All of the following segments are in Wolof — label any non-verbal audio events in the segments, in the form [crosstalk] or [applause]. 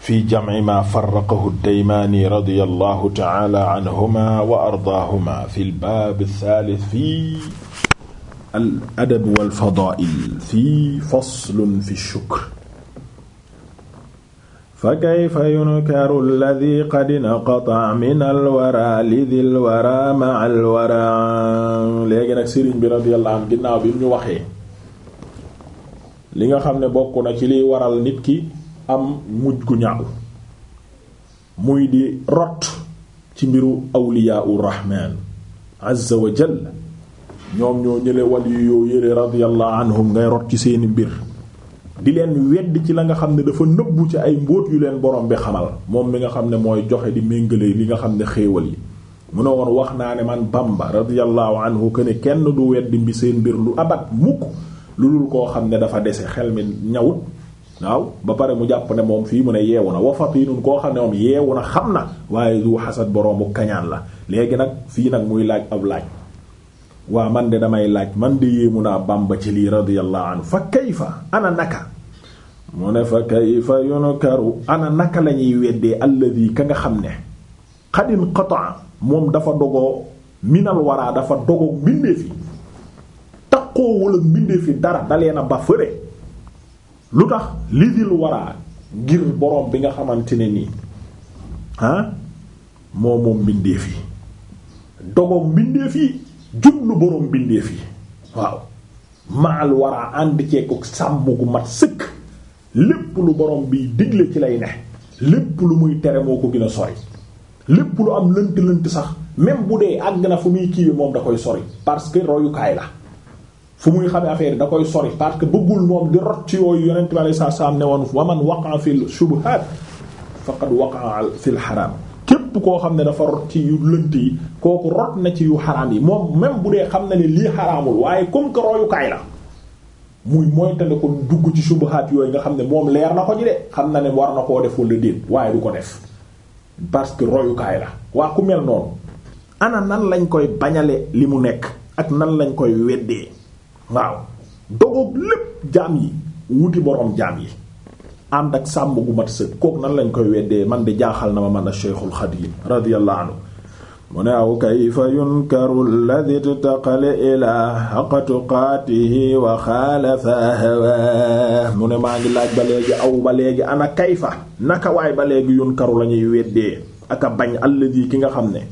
fi jamci maa farraqahu daymaani radiyallahu ta'ala anhumaa wa ardaahumaa fil baabi saalis fi al adab wal fadaa'il fi faslun fi shukr. fa kayfa yunkaru alladhi qad inqata'a min alwara lidhil wara ma'a alwara. léegi nag sëriñ bi radiyallahu anhu ginnaaw bi ñu waxee. li nga xam ne bokk na ci liy waral nit ki. am mujj gu ñaaw muy di rot ci mbiru awliyaa u rahmaan azza wa ñoom ñoo ñële wal yu yoo yële radiyallahu anhum ngay rot ci seeni mbir di leen wedd ci la nga xam ne dafa nëbbu ci ay mbóot yu leen borom bi xamal moom mi nga xam ne mooy joxe di méngale li nga xam ne xéewal yi mu ne woon wax naa ne man Bamba radiyallahu anhu que ne kenn du weddi mbi seen mbir lu abat mukk lu dul koo xam ne dafa dese xel mi ñawut waaw ba pare mu jàpp ne moom fii mu ne yeewu na wa fatinun koo xam ne moom yeewu na xam na waaye du xasad boroomu kañaan la léegi nag fii nag muy laaj ab laaj waa man de damay laaj man de yéemu naa Bàmba ci lii radiyallahu anhu fa kayfa ana naka mu ne fa kayfa yunkaru ana naka lañuy ñuy weddee alladi ka nga xam ne xadin qata'a moom dafa dogoo minal waraa dafa dogoo mbindeefi taqoo wala mbindeefi dara dalee na ba fëre lu tax li dil waraa ngir borom bi nga xamante ne nii ah moo moom mbindeef yi dogoom mbindeef yi jublu borom mbindeef yi waaw maal waraa ànd ceeku sàmm gu mat sëkk lépp lu borom bi digle ci lay ne lépp lu muy tere moo ko gën sori lépp lu am lënt lënt sax même bu dee àgg na fu muy kii bi moom da koy sori parce que royukaay la fu muy xamee affaire da koy sori parce que bëggul moom di rot ci yooyu yonent bi alayhi salaam ne woon wa man waqa'a fil shubuhaat faqad waqa'a fil haram képp koo xam ne dafa rot ci yu lënt yi kooku rot na ci yu xaraam yi moom même bu dee xam na ne lii xaraamul waaye comme que royukaay la muy moytale ko dugg ci subahaat yooyu nga xam ne moom leer na ko ñu de xam na ne war na koo def wala déet waaye du ko def parce que royukaay la waa ku mel noonu ana nan lañ koy bañale li mu nekk ak nan lañ koy weddee waaw dogoog lépp jaam yi wuti boroom jaam yi ànd ak sàmm gu mat sëg kook nan lañ koy weddee man di jaaxal na ma man a Cheikhul Xadim radiyallahu anhu mu ne aw kayfa yunkaru alladi taqale ilaa haqqa tuqaatihi wa xaalafa hawa mu ne maa ngi laaj ba léegi aw ba léegi ana kayfa naka waay ba léegi yunkaru la ñuy weddee aka bañ alladi ki nga xam ne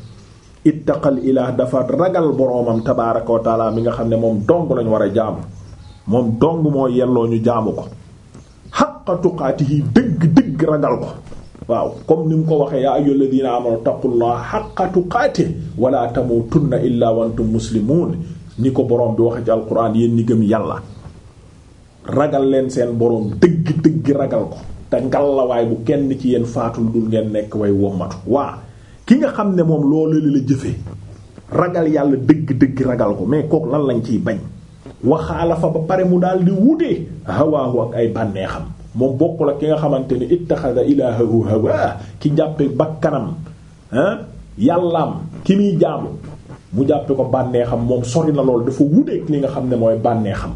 ittaqal ilah dafa ragal boroomam tabaaraka wa mi nga xam ne moom dong lañu war a jàmm moom dong moo yelloo ñu jaamu ko xaqa tuqaatihi dëgg dëgg ragal ko waaw comme ni mu ko waxee yaa ayyuhal ladiina amanu taqullaha xaqa tuqaatihi wala tamuutunna illaa wa antum muslimuun ni ko boroom bi waxe ci alquran yéen ñi gëm yàlla ragal leen seen boroom dëgg dëgg ragal ko te ngallawaay bu kenn ci yéen faatul dul ngeen nekk way wommatu waa ki nga xam ne moom loolu la la jëfee ragal yàlla dëgg-dëgg ragal ko mais kook lan lañ ciy bañ waxaala fa ba pare mu daal di wutee hawaahu ak ay bànneexam moom bokk la ki nga xamante ni ittaxada ilaahahu hawaa ki jàppe bakkanam yàllaam ki muy jaamu mu jàppe ko bànneexam moom sori na lool dafa wuteek li nga xam ne mooy bànneexam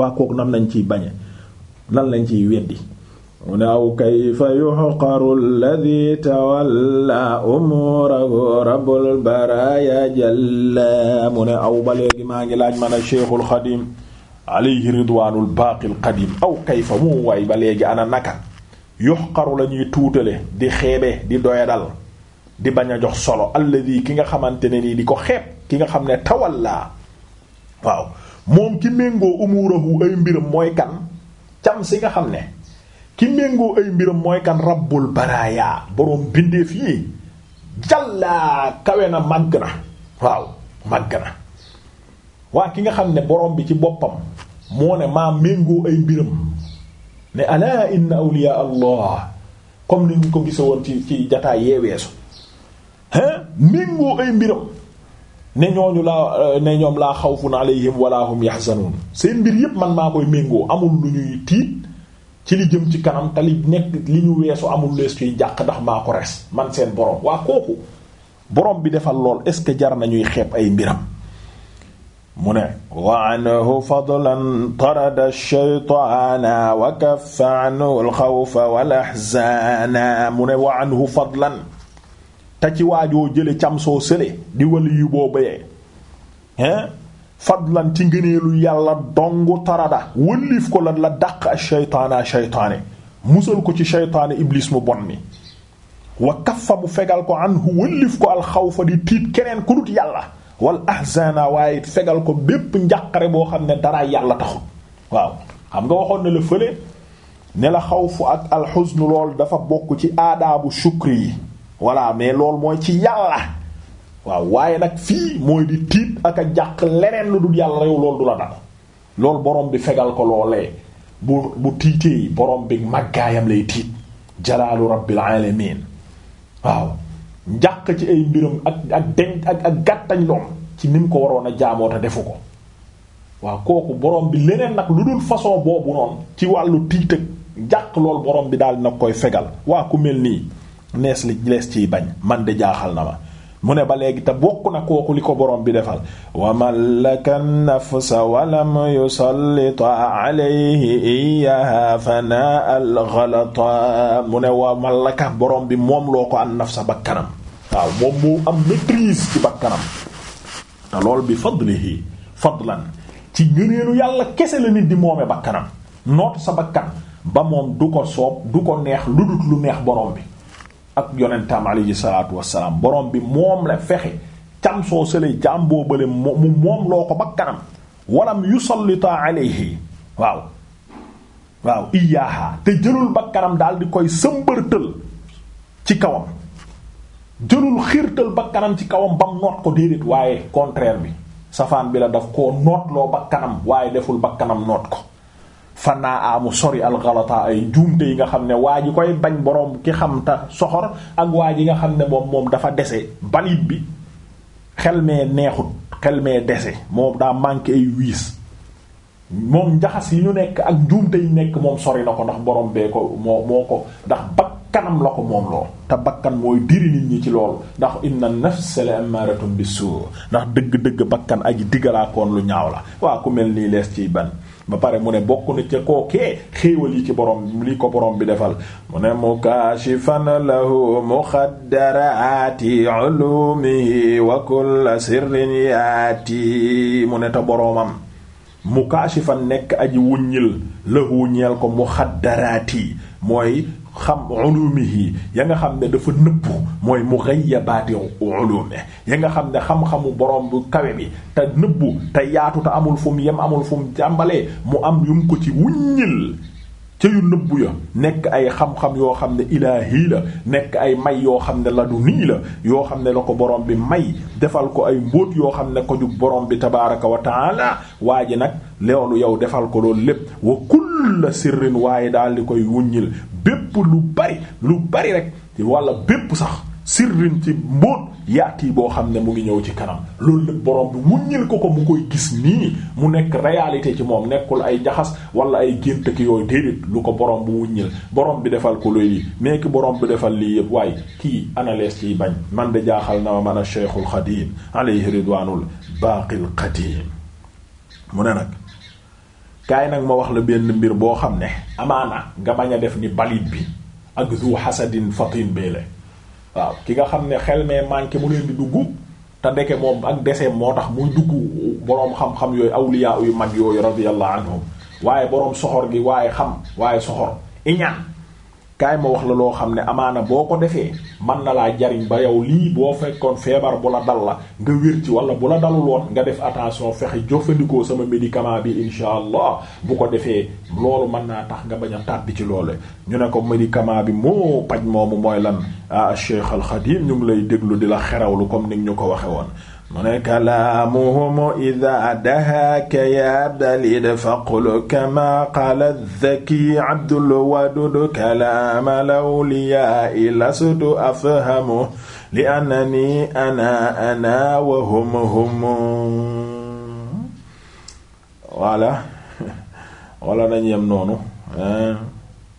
waa kook nan lañ ciy bañe lan lañ ciy weddi mu ne aw kayfa yuxqaru alladi tawalla umuurahu rabbul baraaya jalla mu ne aw ba léegi maa ngi laaj man a cheikhul xadim alayhi ridwaanul baaqil qadim aw kayfa mu ba léegi ana naka yuxqaru la ñuy tuutale di xeebe di doyadal di bañ a jox solo alladi ki nga xamante ne nii di ko xeeb ki nga xam ne tawalla waaw moom ki méngoo umuurahu ay mbiram mooy kan cam si nga xam ne ki méngoo ay mbiram mooy kan rabbul baraaya boroom bindeef yi jàllaa kawe na màgg na waaw màgg na waa ki nga xam ne boroom bi ci boppam moo ne maa méngoo ay mbiram ne alaa inna awliyaa allah comme ni ñu ko gise woon ci ci jataay yee weesu hein méngoo ay mbiram ne ñooñu laa ne ñoom laa xawfun alayhim wala hum yahzanun seen mbir yépp man maa koy méngoo amul lu ñuy tiit ci li jëm ci kanam te li nekk li ñu weesu amul lees koy jàq ndax maa ko res man seen borom waa kooku borom bi defal lool est ce que jar nañuy xeeb ay mbiram mu ne wa anhu fadlan tarada te ci waajoo jële cam soo sële di wali yu boo fadlan ci ngëneelu yàlla dong tarada wëlliif ko lan la dàq a shaytaana shaytaane musal ko ci shaytaane iblis mu bon mi wa fa mu fegal ko anhu wëlliif ko alxawfa di tiit keneen ku yàlla wal ahzana waaye fegal ko bépp njàqare boo xam ne dara yàlla taxut waaw xam nga waxoon na la fële ne la xawfu ak alxusnu lool dafa bokk ci aadaabu shukri yi voilà mais lool mooy ci yàlla waaw waaye nag fii mooy di tiit ak a jàq leneen lu dul yàlla rew loolu du la dal loolu borom bi fegal ko loolee bu bu tiitee borom bi màggaayam lay tiit jalaalu rabbil alamin waaw njàq ci ay mbiram ak ak denc ak ak gàttañ loom ci ni ko waroon a jaamoo te defu ko waaw kooku borom bi leneen nag lu dul façon boobu noonu ci wàllu tiit ak lool borom bi daal nag koy fegal waa ku mel nii nees li lees ciy bañ man de jaaxal na ma mu ne ba léegi te bokk na kooku li ko borom bi defal wa mallaka nafsa walam yusallita alayhi iyaha fana al ghalata mu ne wa mallaka borom bi moom loo ko an nafsa bakkanam waaw moom moo am maîtrise ci bakkanam te lool bi fadlihi fadlan ci ngëneelu yàlla kese la nit di moome bakkanam noot sa bakkan ba moom du ko soob du ko neex lu dut lu neex borom bi ak yonentam alayhi salaatu wassalaam borom bi moom la fexe cam soo sëlay jaam boobale mu moom loo ko ba kanam walam yusallita alayhi waaw waaw iyaaha te jëlul ba kanam daal di koy sëmbërtël ci kawam jëlul xiirtal ba kanam ci kawam bam noot ko déedéet waaye contraire bi safaan bi la daf koo nootloo ba waaye deful ba kanam noot ko fanaa amu sori alxalata ay juumte yi nga xam ne waa ji koy bañ boroom ki xam ta soxor ak waa ji nga xam ne moom moom dafa dese balit bi xel mee neexut xel mee dese moom daa manqué ay wiis moom njaxas yi ñu nekk ak njuumte yi nekk moom sori na ko ndax borom bee ko moo moo ko ndax bakkanam la ko moom lool te bakkan mooy diri nit ñi ci loolu ndax inna na la amaratum bisu ndax dëgg-dëgg bakkan aji digalaakoon lu ñaaw la waa ku mel nii lees ciy ban ba pare mu ne bokk na ca kookee xéewal yi ci borom lii ko borom bi defal mu ne mukashifan lahu muxaddaraati ulumihi wa kulla sirrin mu ne te boroomam mukashifan nekk aji wuññil lahu ñeel ko muxaddaraati mooy xam ulumihi ya nga xam ne dafa nëpp mooy mughayyabaati ulumi ya nga xam ne xam-xamu borom bu kawe bi te nëbbu te yaatu te amul fu mu yem amul fum mu jàmbalee mu am yum ko ci wuññil ca yu nëbbu ya nekk ay xam-xam yoo xam ne ilaahi la nekk ay may yoo xam ne laduni la yoo xam ne la ko borom bi may defal ko ay mbóot yoo xam ne ko ju borom bi tabaaraka wa taala waa ji nag loolu yow defal ko loolu lépp wa kull kulla sirrin waaye daal di koy wuññil bépp lu bari lu bari rek walla bépp sax sirrin ci mbóot yaat boo xam ne mu ngi ñëw ci kanam loolu nag borom bi wuññil ko ko mu koy gis nii mu nekk réalité ci moom nekkul ay jaxas wala ay gént ki yooyu déedéet lu ko borom bu wuññil borom bi defal ko loolu yi mais ki borom bi defal lii yëpp waaye kii analees ciy bañ man de jaaxal na man a Cheikhul Xadim alayhi ridwanul baaqil qadim mu ne nag kaay nag ma wax la benn mbir boo xam ne amaana nga bañ a def ni balit bi ak zu hasadin fatin bele waaw ki nga xam ne xel mee manqué mu leen di dugg te ndeke moom ak deseem moo tax muy dugg boroom xam-xam yooyu awliya yu mag yooyu radiyallahu anhum waaye boroom soxor gi waaye xam waaye soxor iñaan kaay ma wax la loo xam ne amaana boo ko defee man na laa jariñ ba yow lii boo fekkoon feebar bu la dal la nga wér ci wala bu la dalul woon nga def attention fexe jëfandikoo sama médicament bi insha allah bu ko defee loolu mën naa tax nga bañ a tàbbi ci loolu ñu ne ko médicament bi mu paj moomu mooy lan ah Cheikh Al Khadim ñu ngi lay déglu di la xerawlu comme ni ñu ko waxe woon mu ne kalaamuhumu ida dahaaka ya dalid faqul kama qaala zaki abdul wadud kalaama lawliyaai lastu afhamu li annani ana ana wa hum hum wala [laughs] wala nañu yem noonu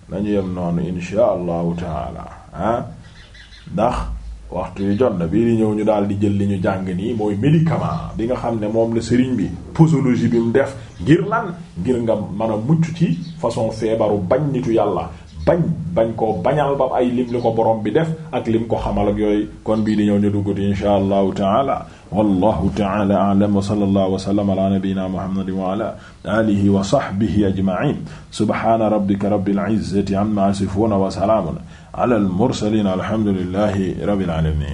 nañu yem noonu insha allahu taala ah ndax waxtu yu jot na bii di ñëw ñu daal di jël li ñu jàng nii mooy médicament bi nga xam ne moom la sëriñ bi posologie bi mu def ngir lan ngir nga mën a mucc ci façon feebaru bañ nitu yàlla bañ bañ koo bañal ba ay lim li ko borom bi def ak lim ko xamal ak yooyu kon bii di ñëw ñu dugguti insha allahu taala wallahu taala a'lam wa sallallahu wa sallam ala nabiyyina muhammadin wa ala alihi wa sahbihi ajma'in subhana rabbika rabbil izzati amma yasifun wa salamun ala al mursaliin alhamdulillahi rabbil aalamiin